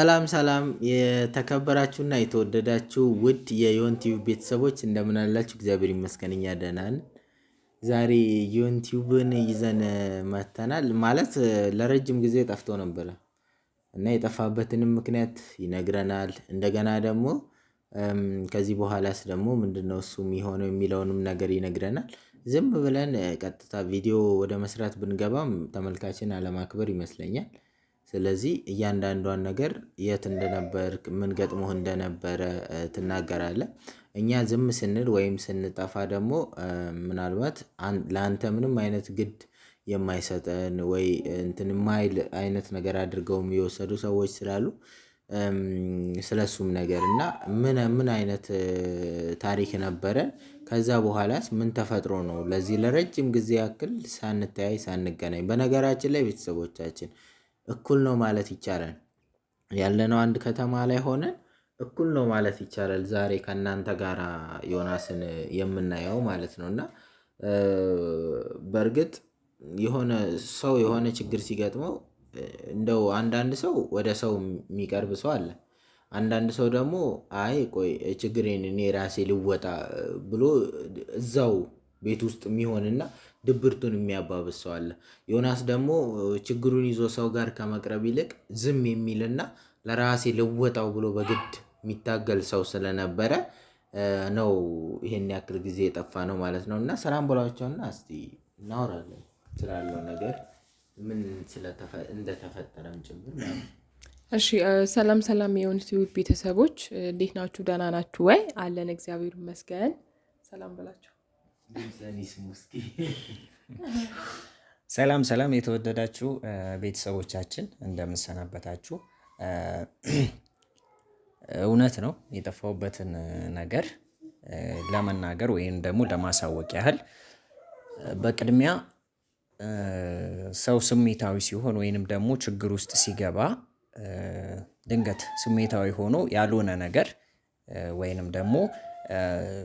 ሰላም ሰላም የተከበራችሁና የተወደዳችሁ ውድ የዮንቲዩብ ቤተሰቦች እንደምን አላችሁ? እግዚአብሔር ይመስገን እኛ ደህና ነን። ዛሬ ዮንቲዩብን ይዘን መተናል ማለት ለረጅም ጊዜ ጠፍቶ ነበረ እና የጠፋበትንም ምክንያት ይነግረናል። እንደገና ደግሞ ከዚህ በኋላስ ደግሞ ምንድነው እሱ የሚሆነው የሚለውንም ነገር ይነግረናል። ዝም ብለን ቀጥታ ቪዲዮ ወደ መስራት ብንገባም ተመልካችን አለማክበር ይመስለኛል። ስለዚህ እያንዳንዷን ነገር የት እንደነበር ምን ገጥሞህ እንደነበረ ትናገራለህ። እኛ ዝም ስንል ወይም ስንጠፋ ደግሞ ምናልባት ለአንተ ምንም አይነት ግድ የማይሰጠን ወይ እንትን የማይል አይነት ነገር አድርገው የወሰዱ ሰዎች ስላሉ። ስለሱም ነገር እና ምን ምን አይነት ታሪክ ነበረን? ከዛ በኋላስ ምን ተፈጥሮ ነው ለዚህ ለረጅም ጊዜ ያክል ሳንተያይ ሳንገናኝ በነገራችን ላይ ቤተሰቦቻችን እኩል ነው ማለት ይቻላል። ያለነው አንድ ከተማ ላይ ሆነን እኩል ነው ማለት ይቻላል። ዛሬ ከእናንተ ጋር ዮናስን የምናየው ማለት ነው። እና በእርግጥ የሆነ ሰው የሆነ ችግር ሲገጥመው እንደው አንዳንድ ሰው ወደ ሰው የሚቀርብ ሰው አለ። አንዳንድ ሰው ደግሞ አይ ቆይ ችግሬን እኔ ራሴ ልወጣ ብሎ እዛው ቤት ውስጥ የሚሆንና ድብርቱን የሚያባብስ ሰው አለ። ዮናስ ደግሞ ችግሩን ይዞ ሰው ጋር ከመቅረብ ይልቅ ዝም የሚልና ለራሴ ልወጣው ብሎ በግድ የሚታገል ሰው ስለነበረ ነው ይሄን ያክል ጊዜ የጠፋ ነው ማለት ነው። እና ሰላም ብሏቸውና እስቲ እናወራለን ስላለው ነገር ምን እንደተፈጠረም ጭምር። እሺ ሰላም ሰላም፣ የሆኑት ቤተሰቦች እንዴት ናችሁ? ደህና ናችሁ ወይ? አለን፣ እግዚአብሔር ይመስገን። ሰላም ብላችሁ ሰላም ሰላም የተወደዳችሁ ቤተሰቦቻችን እንደምንሰናበታችሁ። እውነት ነው የጠፋሁበትን ነገር ለመናገር ወይም ደግሞ ለማሳወቅ ያህል በቅድሚያ ሰው ስሜታዊ ሲሆን ወይንም ደግሞ ችግር ውስጥ ሲገባ ድንገት ስሜታዊ ሆኖ ያልሆነ ነገር ወይንም ደግሞ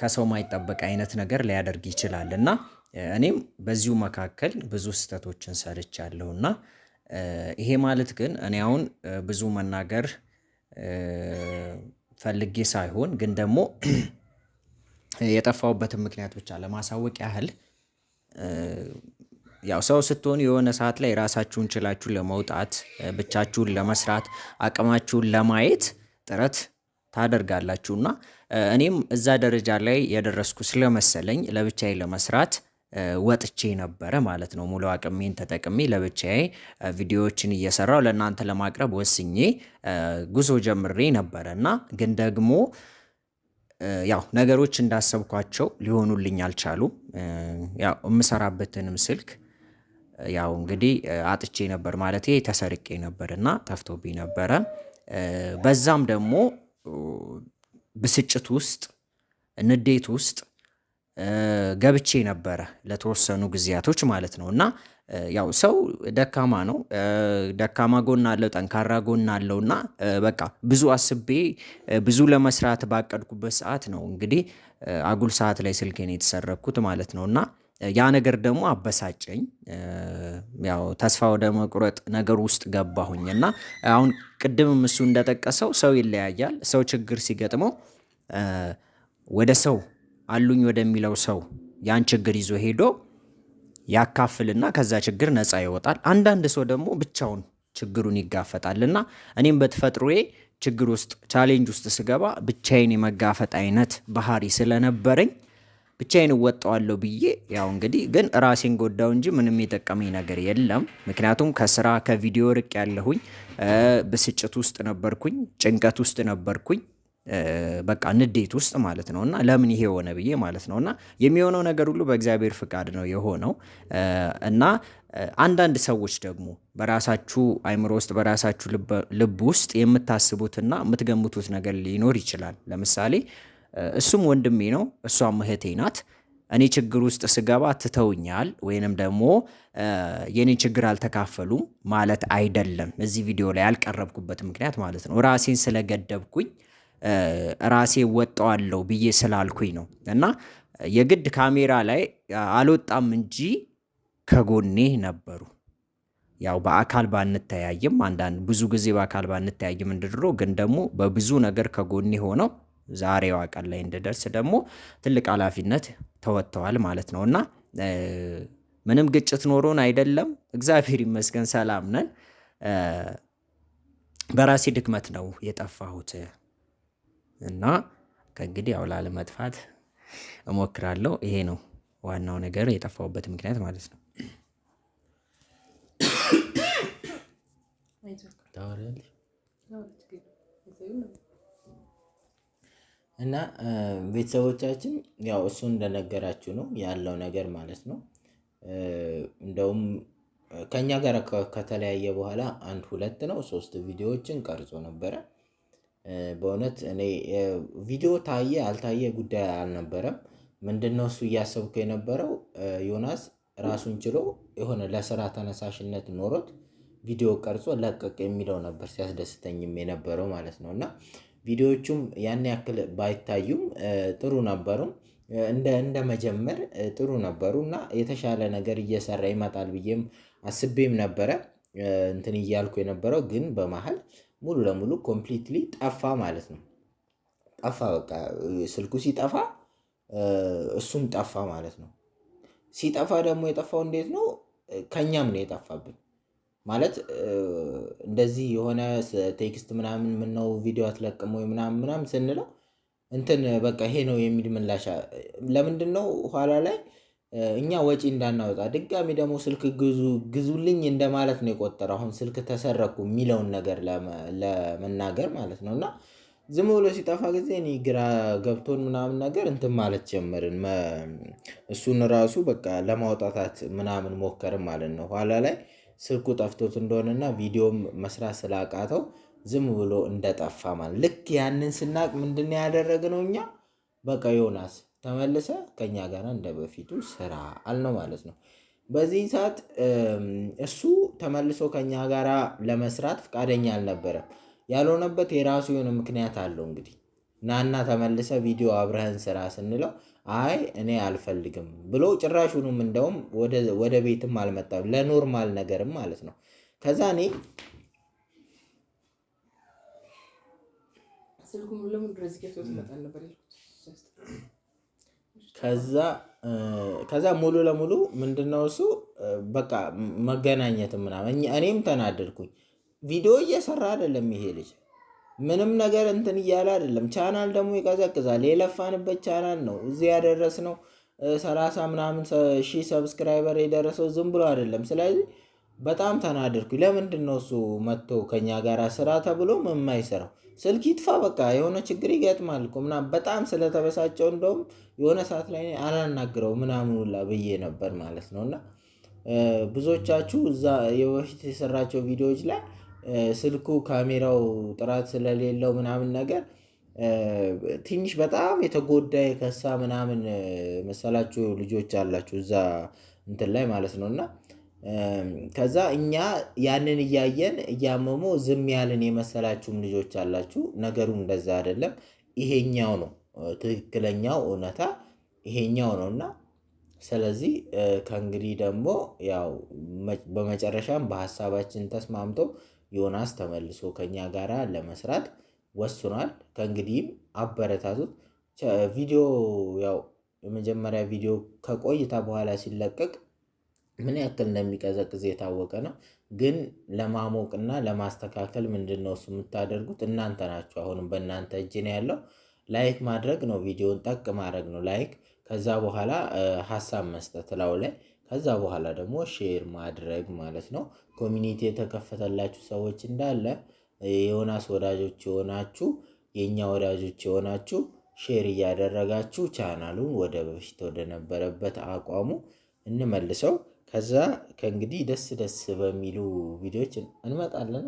ከሰው ማይጠበቅ አይነት ነገር ሊያደርግ ይችላል እና እኔም በዚሁ መካከል ብዙ ስህተቶችን ሰርቻለሁ እና ይሄ ማለት ግን እኔ አሁን ብዙ መናገር ፈልጌ ሳይሆን ግን ደግሞ የጠፋሁበትን ምክንያት ብቻ ለማሳወቅ ያህል ያው ሰው ስትሆን የሆነ ሰዓት ላይ ራሳችሁን ችላችሁ ለመውጣት ብቻችሁን ለመስራት አቅማችሁን ለማየት ጥረት ታደርጋላችሁና እኔም እዛ ደረጃ ላይ የደረስኩ ስለመሰለኝ ለብቻዬ ለመስራት ወጥቼ ነበረ ማለት ነው። ሙሉ አቅሜን ተጠቅሜ ለብቻዬ ቪዲዮዎችን እየሰራው ለእናንተ ለማቅረብ ወስኜ ጉዞ ጀምሬ ነበረ እና ግን ደግሞ ያው ነገሮች እንዳሰብኳቸው ሊሆኑልኝ አልቻሉም። ያው የምሰራበትንም ስልክ ያው እንግዲህ አጥቼ ነበር ማለት ተሰርቄ ነበር እና ጠፍቶብኝ ነበረ። በዛም ደግሞ ብስጭት ውስጥ ንዴት ውስጥ ገብቼ ነበረ ለተወሰኑ ጊዜያቶች ማለት ነው። እና ያው ሰው ደካማ ነው ደካማ ጎን አለው ጠንካራ ጎን አለው እና በቃ ብዙ አስቤ ብዙ ለመስራት ባቀድኩበት ሰዓት ነው እንግዲህ አጉል ሰዓት ላይ ስልኬን የተሰረኩት ማለት ነው እና ያ ነገር ደግሞ አበሳጨኝ። ያው ተስፋ ወደ መቁረጥ ነገር ውስጥ ገባሁኝ እና አሁን ቅድምም እሱ እንደጠቀሰው ሰው ይለያያል። ሰው ችግር ሲገጥመው ወደ ሰው አሉኝ ወደሚለው ሰው ያን ችግር ይዞ ሄዶ ያካፍልና ከዛ ችግር ነፃ ይወጣል። አንዳንድ ሰው ደግሞ ብቻውን ችግሩን ይጋፈጣል እና እኔም በተፈጥሮዬ ችግር ውስጥ ቻሌንጅ ውስጥ ስገባ ብቻዬን የመጋፈጥ አይነት ባህሪ ስለነበረኝ ብቻዬን እወጣዋለሁ ብዬ ያው እንግዲህ ግን ራሴን ጎዳው እንጂ ምንም የጠቀመኝ ነገር የለም። ምክንያቱም ከስራ ከቪዲዮ ርቅ ያለሁኝ ብስጭት ውስጥ ነበርኩኝ፣ ጭንቀት ውስጥ ነበርኩኝ በቃ ንዴት ውስጥ ማለት ነው። እና ለምን ይሄ የሆነ ብዬ ማለት ነው። እና የሚሆነው ነገር ሁሉ በእግዚአብሔር ፍቃድ ነው የሆነው። እና አንዳንድ ሰዎች ደግሞ በራሳችሁ አይምሮ ውስጥ በራሳችሁ ልብ ውስጥ የምታስቡትና የምትገምቱት ነገር ሊኖር ይችላል። ለምሳሌ እሱም ወንድሜ ነው፣ እሷም እህቴ ናት። እኔ ችግር ውስጥ ስገባ ትተውኛል ወይንም ደግሞ የኔ ችግር አልተካፈሉም ማለት አይደለም። እዚህ ቪዲዮ ላይ ያልቀረብኩበት ምክንያት ማለት ነው ራሴን ስለገደብኩኝ ራሴ ወጣዋለሁ ብዬ ስላልኩኝ ነው። እና የግድ ካሜራ ላይ አልወጣም እንጂ ከጎኔ ነበሩ። ያው በአካል ባንተያይም አንዳንድ ብዙ ጊዜ በአካል ባንተያይም እንድድሮ ግን ደግሞ በብዙ ነገር ከጎኔ ሆነው ዛሬዋ ቀን ላይ እንድደርስ ደግሞ ትልቅ ኃላፊነት ተወጥተዋል ማለት ነው እና ምንም ግጭት ኖሮን አይደለም። እግዚአብሔር ይመስገን ሰላም ነን። በራሴ ድክመት ነው የጠፋሁት እና ከእንግዲህ ያው ላለመጥፋት እሞክራለሁ። ይሄ ነው ዋናው ነገር የጠፋሁበት ምክንያት ማለት ነው። እና ቤተሰቦቻችን ያው እሱ እንደነገራችሁ ነው ያለው ነገር ማለት ነው። እንደውም ከእኛ ጋር ከተለያየ በኋላ አንድ ሁለት ነው ሶስት ቪዲዮዎችን ቀርጾ ነበረ። በእውነት እኔ ቪዲዮ ታየ አልታየ ጉዳይ አልነበረም። ምንድነው እሱ እያሰብኩ የነበረው ዮናስ ራሱን ችሎ የሆነ ለስራ ተነሳሽነት ኖሮት ቪዲዮ ቀርጾ ለቀቅ የሚለው ነበር ሲያስደስተኝም የነበረው ማለት ነው እና ቪዲዮዎቹም ያን ያክል ባይታዩም ጥሩ ነበሩ። እንደ መጀመር ጥሩ ነበሩ እና የተሻለ ነገር እየሰራ ይመጣል ብዬም አስቤም ነበረ እንትን እያልኩ የነበረው ግን በመሀል ሙሉ ለሙሉ ኮምፕሊትሊ ጠፋ ማለት ነው። ጠፋ በቃ ስልኩ ሲጠፋ እሱም ጠፋ ማለት ነው። ሲጠፋ ደግሞ የጠፋው እንዴት ነው? ከእኛም ነው የጠፋብን። ማለት እንደዚህ የሆነ ቴክስት ምናምን ምነው ቪዲዮ አትለቅም ወይ ምናምን ምናምን ስንለው እንትን በቃ ይሄ ነው የሚል ምላሽ ለምንድን ነው ኋላ ላይ እኛ ወጪ እንዳናወጣ ድጋሚ ደግሞ ስልክ ግዙ ግዙልኝ እንደማለት ነው የቆጠረ አሁን ስልክ ተሰረኩ የሚለውን ነገር ለመናገር ማለት ነው። እና ዝም ብሎ ሲጠፋ ጊዜ እኔ ግራ ገብቶን ምናምን ነገር እንትን ማለት ጀመርን። እሱን ራሱ በቃ ለማውጣታት ምናምን ሞከርን ማለት ነው ኋላ ላይ ስልኩ ጠፍቶት እንደሆነና ቪዲዮም መስራት ስላቃተው ዝም ብሎ እንደጠፋ ማለት ልክ ያንን ስናቅ ምንድን ያደረግ ነው እኛ በቃ ዮናስ ተመልሰ ከኛ ጋር እንደ በፊቱ ስራ አልነው ማለት ነው። በዚህ ሰዓት እሱ ተመልሶ ከኛ ጋር ለመስራት ፈቃደኛ አልነበረም። ያልሆነበት የራሱ የሆነ ምክንያት አለው። እንግዲህ ናና ተመልሰ ቪዲዮ አብረህን ስራ ስንለው አይ እኔ አልፈልግም ብሎ ጭራሹንም እንደውም ወደ ቤትም አልመጣም ለኖርማል ነገርም ማለት ነው። ከዛ እኔ ከዛ ሙሉ ለሙሉ ምንድነው እሱ በቃ መገናኘት ምናምን እኔም ተናደድኩኝ። ቪዲዮ እየሰራ አይደለም ይሄ ልጅ ምንም ነገር እንትን እያለ አይደለም። ቻናል ደግሞ ይቀዘቅዛል። የለፋንበት ቻናል ነው እዚህ ያደረስነው ሰላሳ ምናምን ሺህ ሰብስክራይበር የደረሰው ዝም ብሎ አይደለም። ስለዚህ በጣም ተናደድኩ። ለምንድን ነው እሱ መጥቶ ከኛ ጋር ስራ ተብሎ የማይሰራው? ስልክ ይጥፋ፣ በቃ የሆነ ችግር ይገጥማል እኮ ምናምን። በጣም ስለተበሳጨው እንደውም የሆነ ሰዓት ላይ አላናግረው ምናምን ሁላ ብዬ ነበር ማለት ነው። እና ብዙዎቻችሁ እዛ የበፊት የሰራቸው ቪዲዮዎች ላይ ስልኩ ካሜራው ጥራት ስለሌለው ምናምን ነገር ትንሽ በጣም የተጎዳ የከሳ ምናምን መሰላችሁ ልጆች አላችሁ እዛ እንትን ላይ ማለት ነው። እና ከዛ እኛ ያንን እያየን እያመሙ ዝም ያልን የመሰላችሁም ልጆች አላችሁ። ነገሩ እንደዛ አይደለም። ይሄኛው ነው ትክክለኛው እውነታ ይሄኛው ነው። እና ስለዚህ ከእንግዲህ ደግሞ ያው በመጨረሻም በሀሳባችን ተስማምቶ ዮናስ ተመልሶ ከኛ ጋራ ለመስራት ወስኗል። ከእንግዲህም አበረታቱት። ቪዲዮ ያው የመጀመሪያ ቪዲዮ ከቆይታ በኋላ ሲለቀቅ ምን ያክል እንደሚቀዘቅዝ የታወቀ ነው። ግን ለማሞቅ እና ለማስተካከል ምንድን ነው እሱ የምታደርጉት እናንተ ናቸው አሁንም በእናንተ እጅ ነው ያለው። ላይክ ማድረግ ነው፣ ቪዲዮን ጠቅ ማድረግ ነው ላይክ። ከዛ በኋላ ሀሳብ መስጠት ላው ላይ ከዛ በኋላ ደግሞ ሼር ማድረግ ማለት ነው። ኮሚኒቲ የተከፈተላችሁ ሰዎች እንዳለ የዮናስ ወዳጆች የሆናችሁ የእኛ ወዳጆች የሆናችሁ ሼር እያደረጋችሁ ቻናሉን ወደ በፊት ወደነበረበት አቋሙ እንመልሰው። ከዛ ከእንግዲህ ደስ ደስ በሚሉ ቪዲዮዎች እንመጣለን።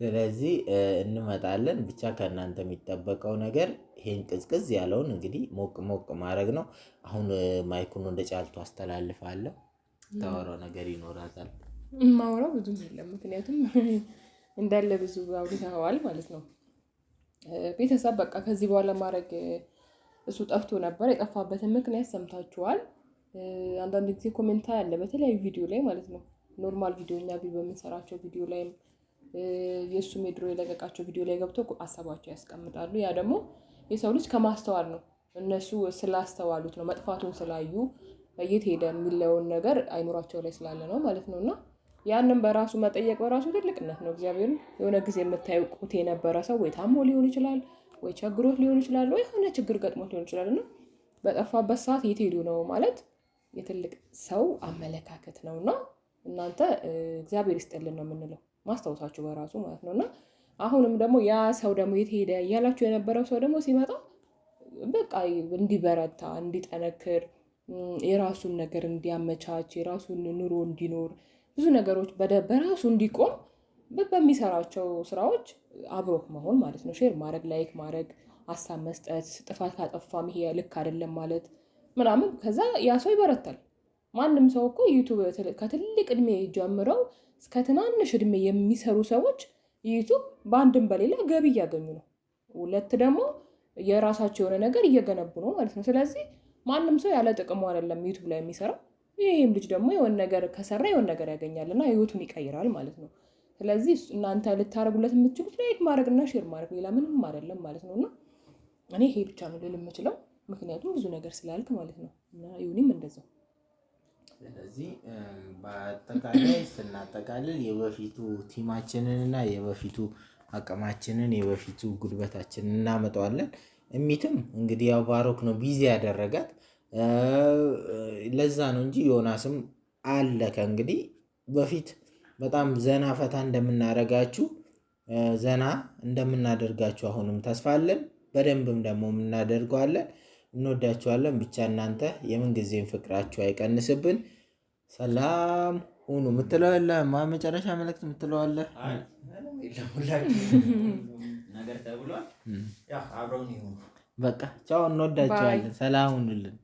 ስለዚህ እንመጣለን። ብቻ ከእናንተ የሚጠበቀው ነገር ይሄን ቅዝቅዝ ያለውን እንግዲህ ሞቅ ሞቅ ማድረግ ነው። አሁን ማይኩን እንደ ጫልቱ አስተላልፋለሁ። ታወራው ነገር ይኖራታል። ማውራው ብዙም የለም፣ ምክንያቱም እንዳለ ብዙ አውርተዋል ማለት ነው። ቤተሰብ በቃ ከዚህ በኋላ ማድረግ እሱ ጠፍቶ ነበር። የጠፋበትን ምክንያት ሰምታችኋል። አንዳንድ ጊዜ ኮሜንታ ያለ በተለያዩ ቪዲዮ ላይ ማለት ነው ኖርማል ቪዲዮ እኛ በምንሰራቸው ቪዲዮ ላይም የእሱም የድሮ የለቀቃቸው ቪዲዮ ላይ ገብቶ አሳባቸው ያስቀምጣሉ። ያ ደግሞ የሰው ልጅ ከማስተዋል ነው። እነሱ ስላስተዋሉት ነው መጥፋቱን ስላዩ የት ሄደ የሚለውን ነገር አይኖራቸው ላይ ስላለ ነው ማለት ነው። እና ያንን በራሱ መጠየቅ በራሱ ትልቅነት ነው። እግዚአብሔርን የሆነ ጊዜ የምታየው ቁት የነበረ ሰው ወይ ታሞ ሊሆን ይችላል፣ ወይ ቸግሮት ሊሆን ይችላል፣ ወይ የሆነ ችግር ገጥሞት ሊሆን ይችላል እና በጠፋበት ሰዓት የት ሄዱ ነው ማለት የትልቅ ሰው አመለካከት ነው እና እናንተ እግዚአብሔር ይስጥልን ነው የምንለው ማስታወሳችሁ በራሱ ማለት ነው። እና አሁንም ደግሞ ያ ሰው ደግሞ የት ሄደ እያላችሁ የነበረው ሰው ደግሞ ሲመጣ በቃ እንዲበረታ እንዲጠነክር የራሱን ነገር እንዲያመቻች የራሱን ኑሮ እንዲኖር ብዙ ነገሮች በራሱ እንዲቆም በሚሰራቸው ስራዎች አብሮክ መሆን ማለት ነው። ሼር ማድረግ፣ ላይክ ማድረግ፣ ሀሳብ መስጠት፣ ጥፋት ካጠፋም ይሄ ልክ አይደለም ማለት ምናምን፣ ከዛ ያ ሰው ይበረታል። ማንም ሰው እኮ ዩቱብ ከትልቅ እድሜ ጀምረው እስከ ትናንሽ እድሜ የሚሰሩ ሰዎች ዩቱብ በአንድም በሌላ ገቢ እያገኙ ነው። ሁለት ደግሞ የራሳቸው የሆነ ነገር እየገነቡ ነው ማለት ነው። ስለዚህ ማንም ሰው ያለ ጥቅሙ አይደለም ዩቱብ ላይ የሚሰራው። ይህም ልጅ ደግሞ የሆነ ነገር ከሰራ የሆነ ነገር ያገኛል እና ህይወቱን ይቀይራል ማለት ነው። ስለዚህ እናንተ ልታደርጉለት የምትችሉት ላይክ ማድረግና ሼር ማድረግ ሌላ ምንም አይደለም ማለት ነው እና እኔ ይሄ ብቻ ነው ልል የምችለው ምክንያቱም ብዙ ነገር ስላልክ ማለት ነው እና ይሁኒም እንደዛው ስለዚህ በአጠቃላይ ስናጠቃልል የበፊቱ ቲማችንን እና የበፊቱ አቅማችንን የበፊቱ ጉልበታችንን እናመጣዋለን። እሚትም እንግዲህ ያው ባሮክ ነው ቢዚ ያደረጋት ለዛ ነው እንጂ ዮናስም አለከ። እንግዲህ በፊት በጣም ዘና ፈታ እንደምናደርጋችሁ ዘና እንደምናደርጋችሁ አሁንም ተስፋ አለን። በደንብም ደግሞ እናደርገዋለን። እንወዳችኋለን። ብቻ እናንተ የምንጊዜም ፍቅራችሁ አይቀንስብን። ሰላም ሁኑ ምትለው የለ መጨረሻ መልእክት ምትለው አለ ነገር ተብሏል። በቃ ቻው፣ እንወዳችኋለን። ሰላም ሁኑልን።